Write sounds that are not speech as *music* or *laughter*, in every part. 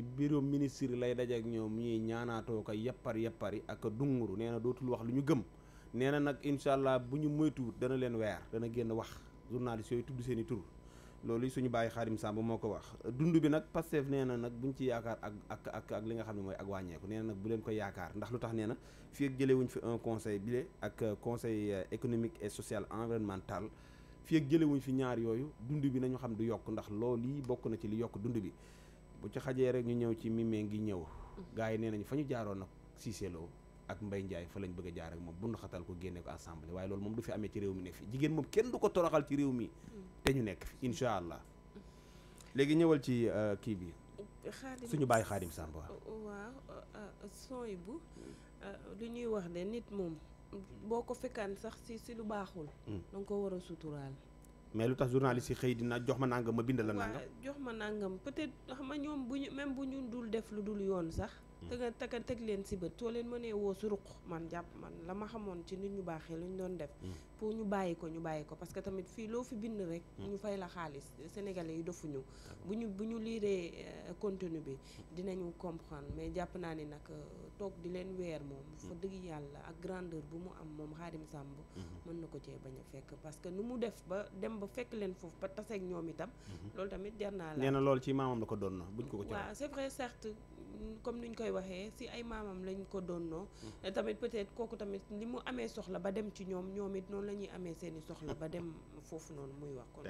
ci bureau ministre lay dajeek ñoom ñuy ñaanaatoo ko yappar yappari ak dunguru nee na dootul wax lu ñu gëm nee na nag incha allah bu ñu moytuwut dana leen weer dana génn wax journaliste yooyu tudd seen i tur loolu suñu bàyyi xaarim Samba moo ko wax dund bi nag Pastef nee na nag buñ ci yaakaar ak ak ak li nga xam ne mooy ak wàññeeku nee na nag bu leen ko yaakaar ndax lu tax nee na fii ak jëlewuñ fi un conseil bile ak conseil euh, économique et social environnemental fii ak fi ñaar yooyu dund bi nañu xam du yokk ndax ci li yokk dund bi bu ci xajee rek ñu ñëw ci mimee ngi ñëw gars yi nee nañu fa ñu jaaroon ak Cissé Lo ak Mbaye Ndiaye fa lañ bëgg a jaar ak moom bund xatal ko génne ko assemblée waaye loolu moom du fi amee ci réew mi ne fi jigéen moom kenn du ko toroxal ci réew mi te ñu nekk fi incha allah léegi ñëwal ci euh, kii bi suñu bàyyi xaadim Samb waaw euh, sooy bu euh, lu ñuy wax de nit moom boo ko fekkaan sax si lu baaxul hmm. danga ko war a suturaal mais lu tax journaliste yi xëy dina jox ma nangam ma bind la nangam. jox ma nangam peut-être xam nga ñoom bu ñu même bu ñu dul def lu dul yoon sax. te te teg leen si bët soo leen mënee woo su ruq man jàpp man la ma xamoon ci nit ñu baaxee lu ñu doon def. Mm. pour ñu bàyyi ko ñu bàyyi ko parce que tamit fii loo fi bind rek. Mm. ñu fay la xaalis sénégalais yi dofuñu. bu ñu bu ñu liiree euh, continue bi dinañu comprendre mais jàpp naa ne nag euh, toog di leen weer moom. Mm. fa dëgg yàlla ak grandeur bu mu am moom Xaadim Samb. Mm-hmm. mën na ko cee bañ a fekk parce que nu mu def ba dem ba fekk leen foofu ba taseeg ñoom itam. Mm-hmm. loolu tamit jar naa la nee na loolu ci maamam la ko doon buñ ko comme ni niñ koy waxee si ay maamam lañ ko doonnoo hmm. tamit peut-être kooku tamit li mu amee soxla ba dem ci ñoom ñoom it noonu la ñuy amee seeni soxla ba dem foofu noonu muy wax kon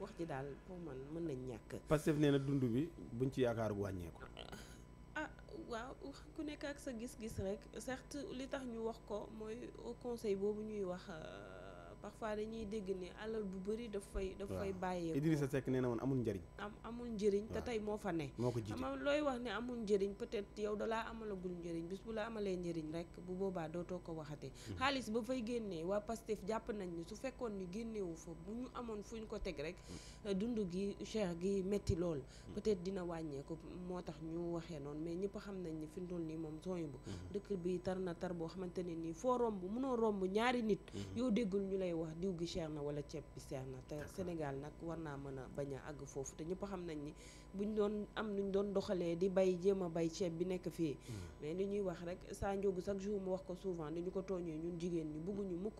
wax ji daal pour man mën nañ ñàkk Pastef nee na dund bi buñ ci yaakaar wàññeeku ah, ah waaw ku nekk ak sa gis-gis rek certes li tax ñu wax ko mooy au conseil boobu ñuy wax euh, parfois dañuy dégg ne alal bu bëri daf fay daf fay bàyyeeku Idrissa Seck nee na woon amul njëriñ am amul njariñ te tey moo fa ne moo ko jiite am looy wax ne amul njëriñ peut-être yow dalaa amalagul njëriñ bis bu la amalee njariñ rek bu boobaa dootoo ko waxatee hmm. xaalis ba fay génnee waa Pastef jàpp nañ ni su fekkoon ni génnewu fa bu ñu amoon fu ñu ko teg rek hmm. eh, dund gi cher gi metti lool hmm. peut-être dina wàññeeku moo tax ñu waxee noonu mais ñëpp xam nañ ni fi mu toll nii moom sooyumbu dëkk bi tar na tar boo xamante ne nii foo romb munoo romb ñaari nit yow déggul ngay wax diw gi cher na wala ceeb bi cher na te Sénégal nag war naa mën a bañ a àgg foofu te ñëpp xam nañ ni bu ñu doon am nu ñu doon doxalee di bay jéem a bay ceeb bi nekk fii mm. mais li ñuy wax rek saa njóogu chaque jour mu wax ko souvent dañu ko tooñee ñun jigéen ñi bëgguñu mukk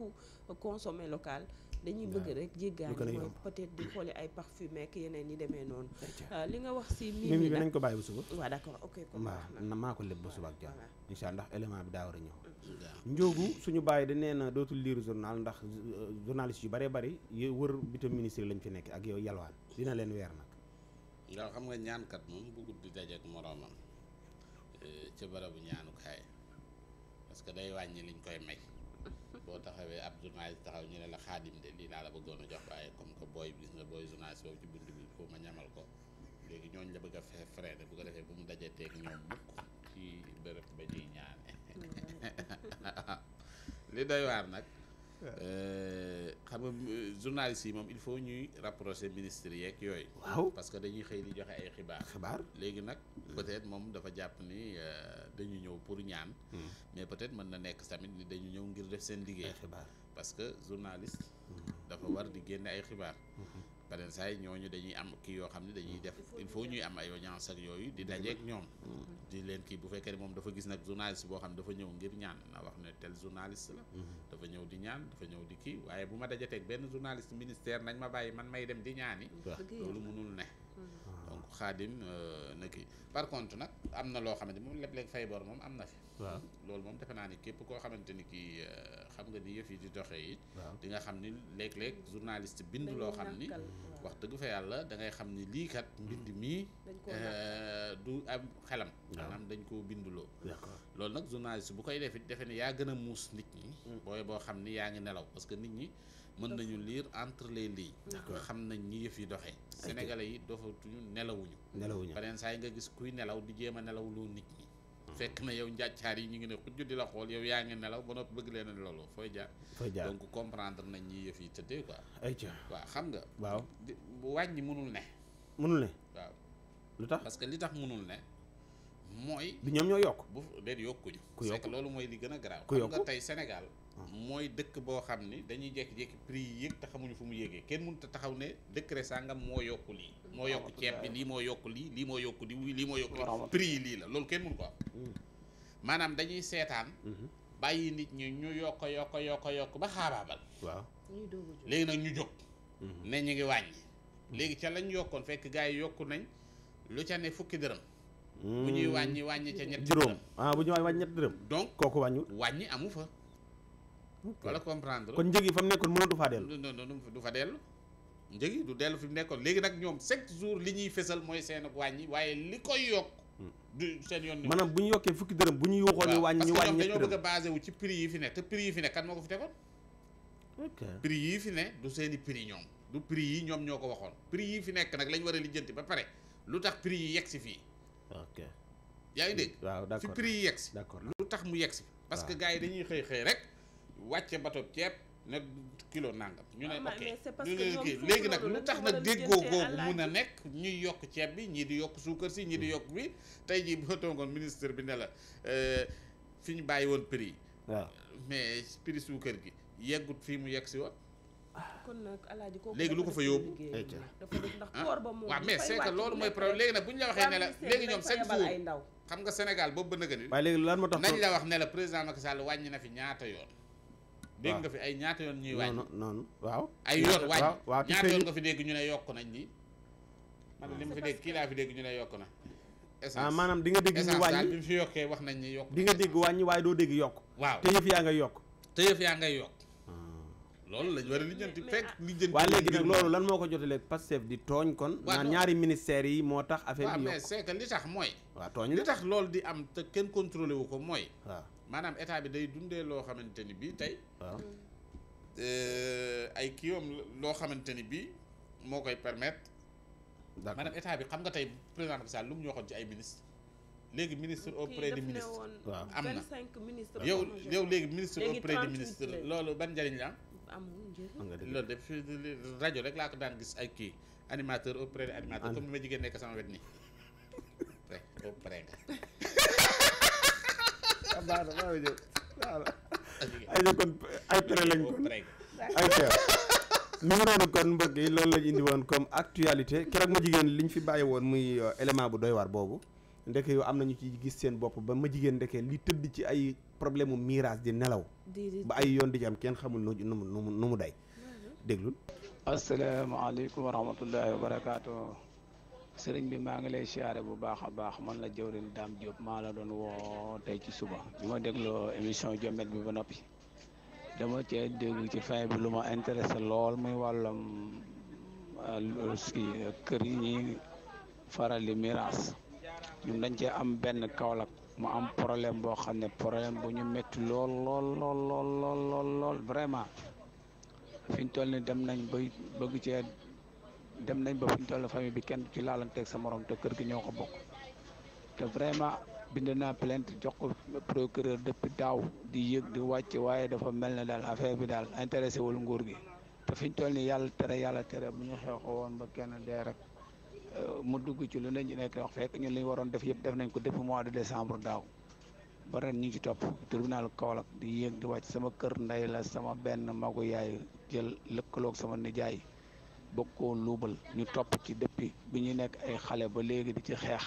consommer local dañuy bëgg rek jéggaani mooy peut-être di xooli ay parfum ak yeneen yi demee noonu euh, li nga wax si mii bi nañ ko bàyyi bu suba waaw d'accord ok waaw maa ko lépp ba suba ak jàmm incha allah ndax élément bi daa war a ñëw mm-hmm. njoogu suñu bàyyi da nee na dootul liir journal ndax euh, journaliste yu bëree bëri y wër bitam ministre lañ fi nekk ak yow yalwaan dina leen weer nag ndax xam nga ñaankat moom bëggul di dajeek moroomam euh, ca barabu ñaanukaay parce que day wàññi liñ koy may boo taxawee ab journaliste taxaw ñu ne la xaadim de lii laa la bëggoon a jox waaye comme que booy gis nga booy journaliste boobu ci bunt bi foo ma ñamal ko léegi ñooñ la bëgg a fexe freiné bu ko defee bu mu dajee teeg ñoom mukk ci bërëb ba ñuy ñaane mm-hmm. *laughs* li doy waar nag Euh, xam nga euh, journalistes yi moom il faut ñuy rapprocher ministres yeeg yooyu. waaw parce que dañuy xëy di joxe ay xibaar. xibaar léegi nag. peut-être moom dafa jàpp ni euh, dañu ñëw pour ñaan. Hmm. mais peut-être mën na nekk tamit ni dañu ñëw ngir def seen liggéey. xibaar parce que journaliste. dafa war di génne ay xibaar. Hmm. beneen saa yi ñooñu dañuy am kii yoo xam ne dañuy def il faut ñuy am ay audience ak yooyu di dajeek ñoom di leen kii bu fekkee ne moom dafa gis nag journaliste boo xam ne dafa ñëw ngir ñaan na wax ne tel journaliste la dafa ñëw di ñaan dafa ñëw di kii waaye bu ma dajateeg benn journaliste ministère nañ ma bàyyi man may dem di ñaani loolu mënul ne mm-hmm. donc xaadim euh, na kii par contre nag am na loo xamante moom léeg-léeg fay bor moom am na fi loolu moom defe naa xamante ni kii euh, xam nga ni yëf yi di doxee it di nga xam ni léeg-léeg journaliste bind loo xam ni wax dëgg fa yàlla da ngay xam ni lii kat mm. mbind mii euh, du am xelam maanaam dañ koo binduloo loolu nag journaliste bu koy def it defe ne yaa gën a muus nit ñi mm. booy boo xam ni yaa ngi nelaw parce que nit ñi mën nañu lire entre les lignes xam nañ ñi yëf yi doxee sénégalais yi dofatuñu nelawuñu nelawuñu beneen saa yi nga gis kuy nelaw di jéem a nelaw loo nit ñi fekk na yow njàccaar yi ñu ngi ne xujju di la xool yow yaa ngi nelaw ba noppi bëgg leen a loolu fooy jaar. fooy jaar donc comprendre nañ ñi yëf yi tëddee quoi. ayca waaw xam nga. waaw wàññi mënul ne. mënul ne waaw. lu tax parce que li tax mënul ne. mooy. du ñoom ñoo yokk. bu déet yokkuñu. ku yokk loolu mooy li gën a garaaw. ku yokk tey Sénégal. mooy dëkk boo xam ni dañuy jékki-jékki prix yi yëg te xamuñu fu mu yéegee kenn mënut a taxaw ne décret sangam moo yokku lii mm. moo yokku ceeb bi lii moo yokku lii lii moo yokku di lii moo yokku lii prix yi lii la loolu kenn mënu ko am mm. maanaam dañuy seetaan mm-hmm. bàyyi nit ñi ñu yokk yokk yokk yokk ba xaabaabal waaw léegi nag ñu jóg mm-hmm. ne ñu ngi wàññi mm-hmm. léegi ca lañ yokkoon fekk gars yi yokku nañ lu ca ne fukki dërëm bu ñuy wàññi wàññi ca ñetti dërëm ah bu ñuy wàññi wàññi ñetti dërëm donc kooku wàññu wàññi amu fa wala comprendre kon njëg yi fa mu nekkoon mënatu du fa dellu njëg yi du dellu fi mu nekkoon léegi nag ñoom chaque jour li ñuy fesal mooy seen ak wàññi waaye li koy yokk hmm. du seen yoon maanaam bu ñu yokkee fukki dërëm bu ñu waxoon ni wàññi ñu wàññi dañoo bëgg a basé wu ci prix yi fi ne te prix yi fi ne kan moo ko fi tegoon prix yi fi ne du seeni prix ñoom du prix yi ñoom ñoo ko waxoon prix yi fi nekk nag lañ war a lijjanti ba pare lu tax prix yi yegg si fii ok yaa ngi dégg waaw d'accord fi prix yi yegg si d'accord lu mu yegg si parce que gars yi dañuy wàcce bateau ceeb ne kilo nangam. ñu ne ah, ok ñu ne léegi nag lu tax na déggoo googu mun a nekk ñuy yokk ceeb bi ñii di yokk suukar si ñii di yokk bi tey jii bu boo toogoon ministre bi ne la euh, fi ñu bàyyi woon prix yi. mais prix suukar gi yeggut fii mu yegg si woon. kon nag alaaji kooku lu ko fa yóbbu. dafa def ndax koor ba moom. loolu mooy problème léegi nag bu ñu la waxee ne la léegi ñoom chaque jour xam nga Sénégal boobu ba nëgën. waaye léegi lan moo tax nañ la wax ne la président Macky Sall wàññi na fi ñaata yoon dégg nga fi ay ñaata yoon ñuy wàññi noonu waaw ay yoon wàññi waaw ñaata yoon nga fi dégg ñu ne yokk nañ li man li ma fi dégg kii laa fi dégg ñu ne yokk na ah maanaam di nga dégg ñu wàññi bi mu fi yokkee wax nañ ni yokk di nga dégg wàññi waaye doo dégg yokk waaw te yëf yaa ngay yokk te yaa ngay yokk loolu lañ war a lijjanti fekk ah. lijjanti waa léegi nag loolu lan moo ko jotaleeg Pastef di tooñ kon naan ñaari ministères yi moo tax affaire bi mais li tax mooy waaw tooñ li tax loolu di am te kenn contrôlé wu ko mooy waaw maanaam état bi day dundee loo xamante ni bii tey waaw euh, ay kiiwam loo xamante ni bii moo koy permettre maanaam état bi xam nga tey président Macky Sall lu mu ñoo ci ay ministre léegi ministre auprès du ministre waaw am na yow yow léegi ministre auprès du ministre loolu ban njëriñ la amul njëriñ. loolu def rajo rek laa ko daan gis ay kii animateur auprès de animateur ma jigéen nekk sama kon ay pré loolu lañ indi woon comme actualité keroog ma jigéen li ñu fi bàyyi woon muy euh, élément bu doy waar boobu. ndeke yow am na ñu ci gis seen bopp ba ma jigéen ndeke li tëdd ci ay problème mu mirage di nelaw ba ay yoon di ci am kenn xamul nu mu nu mu nu mu day déglul asalaamaaleykum wa rahmatullahi wa barakaatu sëriñ bi maa ngi lay siyaare bu baax a baax man la jëwrin daam Diop maa la doon woo tey ci suba bi ma dégloo émission Jommet bi ba noppi dama cee déglul ci fin bi lu ma intéressé lool muy wàllam euh, kii kër yi ñuy faral di mirage ñun dañ cee am benn Kaolack mu am problème boo xam ne problème bu ñu métti lool lool lool lool lool lool vraiment fi ñu toll ni dem nañ ba bëgg cee dem nañ ba fi ñu famille bi kenn ci laalanteeg sa morom te kër gi ñëw ko bokk te vraiment bind naa plainte jox ko procureur dëpp daaw di yëg di wàcc waaye dafa mel na daal affaire bi daal intéressé wul nguur gi te fi ñu toll ni yàlla tere yàlla tere bu ñu xeexoo woon ba kenn dee rek. Euh, mu dugg ci lu ne nekk wax fekk ñun lañu waroon def yëpp def nañ ko depuis mois de décembre daaw ba ren ñu ngi ci topp tribunal Kaolack di yéeg di wàcc sama kër ndey la sama benn magu yaay jël lëkkaloog sama nijaay bokkoo luubal ñu topp ci depuis bi ñuy nekk ay xale ba léegi di ci xeex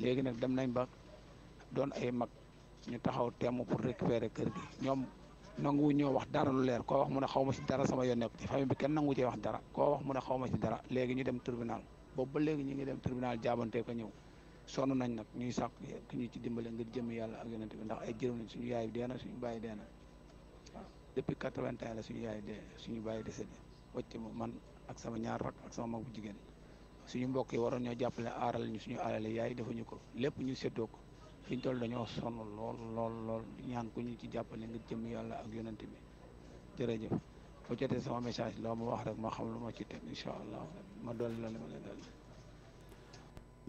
léegi nag dem nañ ba doon ay mag ñu taxaw temm pour récupérer kër gi ñoom nangu ñoo wax dara lu leer koo wax mu ne xaw ma ci dara sama yoon nekk ci famille bi kenn nangu cee wax dara koo wax mu ne xaw ma ci dara léegi ñu dem tribunal boobu ba léegi ñu ngi dem tribunal jaabante a ñëw sonn nañ nag ñuy sàq ku ñu ci dimbale ngir jëm yàlla ak yonent bi ndax ay jërëm lañ suñu yaay dee na suñu bàyyi dee na waaw depuis quatre-vingts la suñu yaay de suñu bàyyi décédé wacc ma man ak sama ñaar rak ak sama mag bu jigéen suñu mbokk yi waroon ñoo jàppale aaral ñu suñu alal yaay defuñu ko lépp ñu séddoo ko fi ñu toll dañoo sonn lool lool lool ñaan ku ñu ci jàppale ngir jëm yàlla ak yonante bi jërëjëf bu jotee sama message loo ma wax rek ma xam lu ma ci teg incha allah ma dolli la li ma leen dolli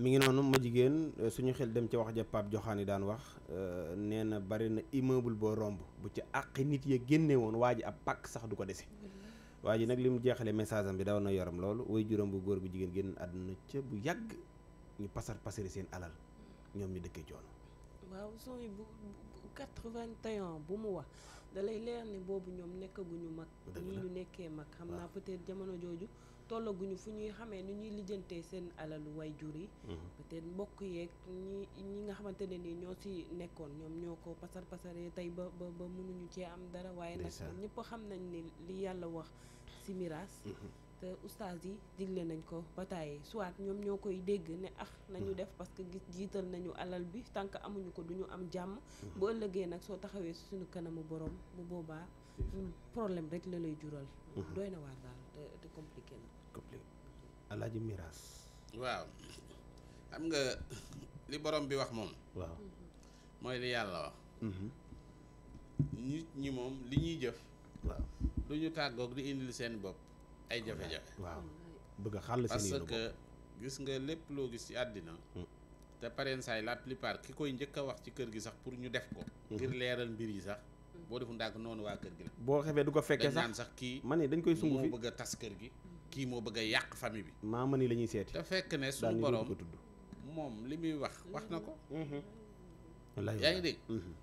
mi ngi noonu ma jigéen suñu xel dem ca wax ja Joxaan yi daan wax euh, nee na bari na immeuble boo romb bu ca àqi nit ya génne woon waa ji ab pàkk sax du ko dese waa ji nag li mu jeexale message am bi daw na yoram loolu way juróom bu góor bu jigéen génn àdduna ca bu yàgg ñu pasar pasari seen alal ñoom ñu dëkkee coon waaw son yi bu bu 81 bu mu wax dalay leer ne boobu ñoom nekkaguñu mag. nii ñu nekkee mag. xam naa peut-être jamono jooju tollaguñu fu ñuy xamee ni ñuy lijjantee seen alalu wayjur yi. Mhm. peut-être mbokk yeeg ñii ñi nga xamante ne nii ñoo ci nekkoon ñoom ñoo ko pasar pasaree tey ba ba ba mënuñu cee am dara. waaye nag ñëpp xam nañ ni li yàlla wax ci miraas. Mhm. ustaas yi digle nañ ko ba tàyyi soit ñoom ñoo koy dégg ne ax ah, nañu hmm. def parce que gis jiital nañu alal bi tant que amuñu ko duñu am jàmm hmm. bu ëllëgee nag soo taxawee suñu kanamu borom bu boobaa problème rek la lay jural hmm. doy na waar daal te te compliqué na miraas waaw xam nga li borom bi wax moom waaw mooy li yàlla wax nit ñi moom li ñuy jëf waaw du ñu tàggoog di indil seen bopp ay jafe-jafe waaw bëgg a xàll seen parce ko gis nga lépp loo gis ci àddina hmm. te pareen saay la plupart ki koy njëkk a wax ci kër gi sax pour ñu def ko hmm. ngir leeral mbir yi sax boo defu ndànk noonu waa kër gi la boo xefee du ko fekkee sax dañ sax kii man ni dañ koy sungu bëgg a tas kër gi kii moo bëgg a yàq famille bi maa ma ni la ñuy seeti te fekk ne suñu borom moom li muy wax wax na ko mm-hmm. yaa ngi dégg mm-hmm.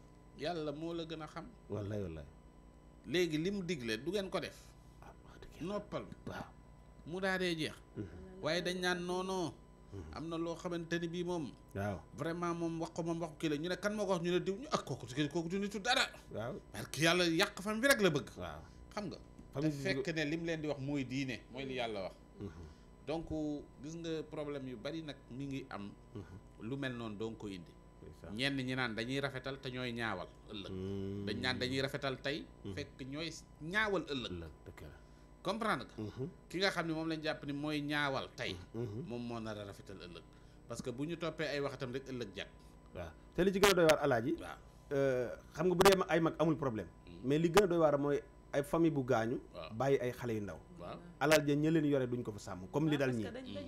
yàlla moo la gën a xam wallaay wallaay léegi li mu digle du ngeen ko def noppal waaw mu dee jeex mm-hmm. waaye dañ naan noonoo mm-hmm. am na loo xamante ni bii moom waaw vraiment moom wax ko moom wax kii la ñu ne kan moo ko wax ñu ne diw ñu ak ah, kooku si kooku du nitu dara waaw parce que yàlla yàq fam bi rek la bëgg waaw xam nga te fekk ne mu leen di wax mooy diine mooy li yàlla wax mm-hmm. donc gis nga problème yu bari nag mu ngi am lu mel noonu doon ko indi ñenn ñi naan dañuy rafetal te ñooy ñaawal ëllëg mm. dañ naan dañuy rafetal tey fekk ñooy ñaawal ëllëg comprendre mhm. ki nga xam ne moom lañ jàpp ni mooy ñaawal tey. Mhm. Mhm. moom moo nar a rafetal ëllëg parce que bu ñu toppee ay waxatam rek ëllëg jag. waaw te li ci gën a doy waar alaaji. waaw euh, xam nga bu dee ay mag amul problème. mais li gën a doy waar mooy ay famille bu gaañu. bàyyi ay xale yu ndaw. waaw alal ja ña leen yore duñ ko fa sàmm comme li ah, dal ñii. parce que dañuy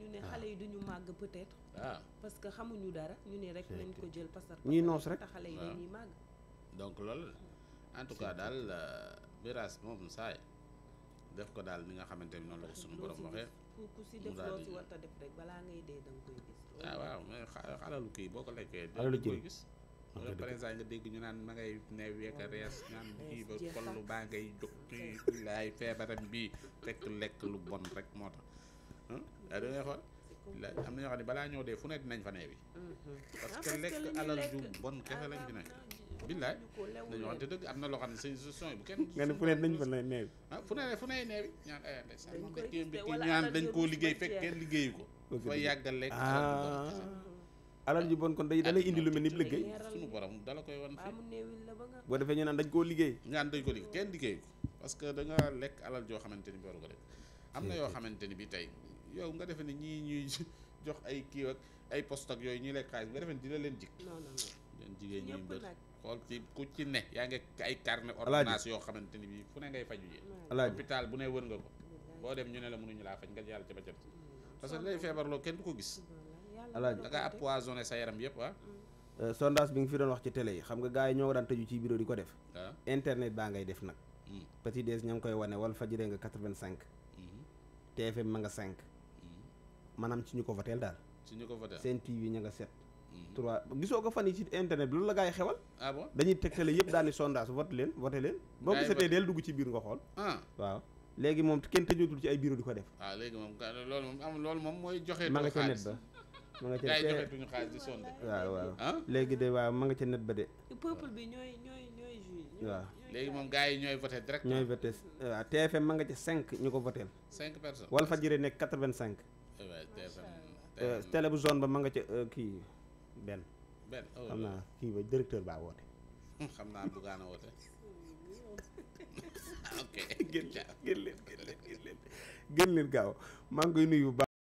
ñu ne ah. xale yi duñu màgg peut-être. Ah. parce que xamuñu dara ñu ne rek nañ ko jël parce que. ñuy noos rek xale màgg. donc loolu en tout cas daal Biraas euh, moom saay def ko daal ni nga xamante ni noonu la ko suñu borom waxee. ku si def loo ah, waaw mais kii boo ko lekkee. alalu koy gis. wala dégg ñu naan ma ngay neew yeeg ba kollu baa ngay jóg kii lekk lu bon rek moo tax ah, da ngay xool. la am na ñoo xam ne balaa ñoo dee fu ne dinañ fa neewi mm-hmm. ah, parce que lekk alal ju bon kese lañ fi nekk. billaay dañu waxante dëgg am na loo xam ne seen gestion yi bu kenn. nga ne fu ne nañ fa lay ah, fu ne fu ne eh, dañ koo liggéey fekk kenn liggéeyu ko. ok fooy yàggal lekk. Ah. alal ji bon kon day ah, dalay indi lu mel ni liggéey suñu borom dala koy wan fi boo defee ñu dañ koo liggéey ñaan dañ ko liggéey kenn liggéey parce que da nga lekk alal joo xamante ni bi waru ko am na yoo xamante ni bi tey yow nga defe ne ñii ñuy *laughs* jox ay kii ak ay poste ak yooyu ñuy lekk xaalis nga defe ne dina leen jik leen jigéen ñuy mbër xool ci ku ci ne yaa ngi ay carnet ordonnance yoo xamante ni bii fu ne ngay faj faju ji hôpital bu ne wër nga ko boo dem ñu ne la mënuñu laa faj nga yàlla ca baccat parce que lay feebarloo kenn du ko gis alaaji da nga appoisonné sa yaram yëpp ah euh, sondage bi nga fi doon wax ci télé yi xam nga gars yi ñoo daan tëju ci bureau di ko def ah. internet baa ngay def nag hmm. petit des ña ngi koy wane wal fajire nga quatre-vingt-cinq TFM hmm. ma nga cinq hmm. maanaam ci ñu ko voteel daal ci ñu ko voteel seen TV ña nga set trois gisoo ko fan yi ci internet bi la gaa yi xewal. ah bon dañuy tegtale yëpp daal ni sondage vote leen vote leen. boo gisatee del dugg ci biir nga xool. Ah. waaw léegi moom kenn tëjootul ci ay bureau di ko def. waaw ah, léegi moom loolu moom am loolu moom mooy joxe. nga ca net ba. ma nga ca gaa yi joxetuñu xaalis di sonde. *laughs* Ah? léegi de waaw ma nga ca net ba de. peuple bi ñooy ñooy ñooy waaw léegi moom gaa yi ñooy voté direct. ñooy voté waaw TFM ma nga ca cinq ñu ko voté. cinq personnes Walfadjri nekk quatre-vingt-cinq. Eh tele euh, bu zone ba ma nga ca euh, kii benn. benn oh. xam naa kii ba directeur baa woote. *laughs* xam naa bugaana woote. *laughs* *laughs* ok gën leen gën leen gën leen gaaw maa ngi koy nuyu